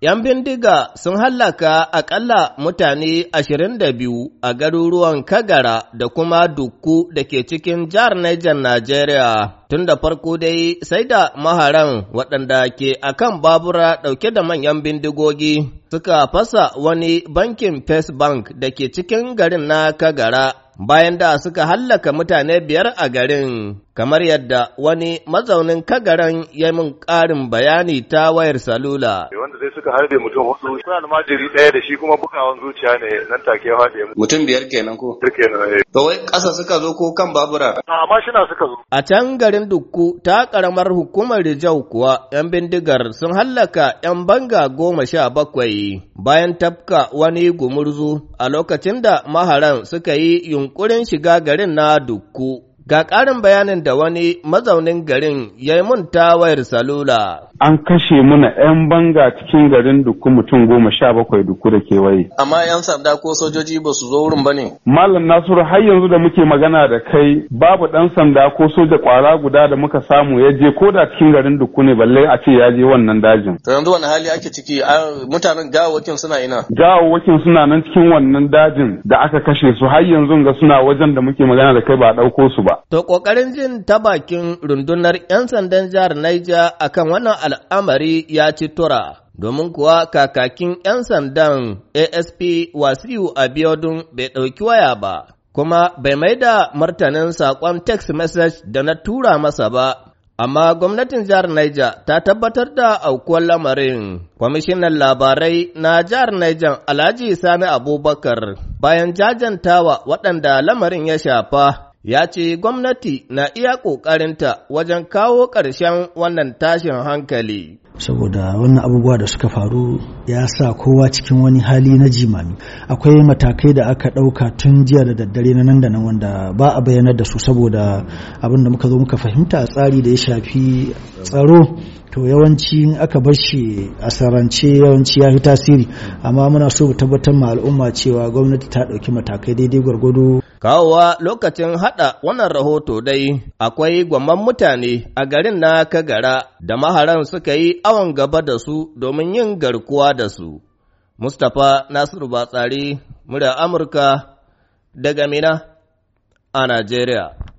‘Yan bindiga sun hallaka akalla mutane ashirin da biyu a garuruwan Kagara da kuma Dukku da ke cikin jihar Niger Najeriya. Tun da farko dai sai da maharan waɗanda ke akan babura ɗauke da manyan bindigogi suka fasa wani bankin First Bank da ke cikin garin na Kagara. bayan da suka hallaka mutane biyar a garin, kamar yadda wani mazaunin kagaran ya min ƙarin bayani ta wayar salula. Wanda zai suka harbe mutum wasu suna almajiri ɗaya da shi kuma bukawan zuciya ne nan take ya faɗi. Mutum biyar kenan ko? Biyar kenan. Eh. To wai ƙasa suka zo ko kan babura? A mashina suka zo. A can garin Dukku ta ƙaramar hukumar Rijau kuwa 'yan bindigar sun hallaka 'yan banga goma sha bakwai bayan tafka wani gumurzu a lokacin da maharan suka yi yunƙuri. yunƙurin shiga garin na Dukku. Ga ƙarin bayanin da wani mazaunin garin ya yi mun ta wayar salula. An kashe muna 'yan banga cikin garin duku mutum goma sha bakwai duku da kewaye. Amma 'yan sanda ko sojoji ba su zo wurin ba ne? Malam Nasiru har yanzu da muke magana da kai babu ɗan sanda ko soja ƙwara guda da muka samu ya je ko da cikin garin duku ne balle a ce ya je wannan dajin. To yanzu wani hali ake ciki mutanen gawawakin suna ina? Gawawakin suna nan cikin wannan dajin da aka kashe su har yanzu ga suna wajen da muke magana da kai ba a ɗauko su ba. To ƙoƙarin jin ta bakin rundunar 'yan sandan jihar a akan wannan al'amari ya ci tura. domin kuwa kakakin 'yan sandan ASP Wasiu Abiodun bai ɗauki waya ba, kuma bai mai da martanin saƙon text message da na tura masa ba. Amma gwamnatin jihar Naija ta tabbatar da aukuwar lamarin, kwamishinan labarai na jihar Naija Alhaji Sani Abubakar bayan jajantawa waɗanda lamarin ya shafa ya ce gwamnati na iya ƙoƙarinta wajen kawo ƙarshen wannan tashin hankali. saboda wannan abubuwa da suka faru ya sa kowa cikin wani hali na jimami akwai matakai da aka ɗauka tun jiya da daddare na nan da nan wanda ba a bayyanar da su saboda abin da muka zo muka fahimta tsari da ya shafi tsaro to yawanci aka bar shi a sarance yawanci ya fi tasiri amma muna so mu tabbatar ma al'umma cewa gwamnati ta ɗauki matakai daidai gwargwado Kawowa lokacin haɗa wannan rahoto dai akwai gwamman mutane a garin na Kagara da maharan suka yi awon gaba da su domin yin garkuwa da su. Mustapha Nasiru Batsari, murya Amurka daga Mina a Najeriya.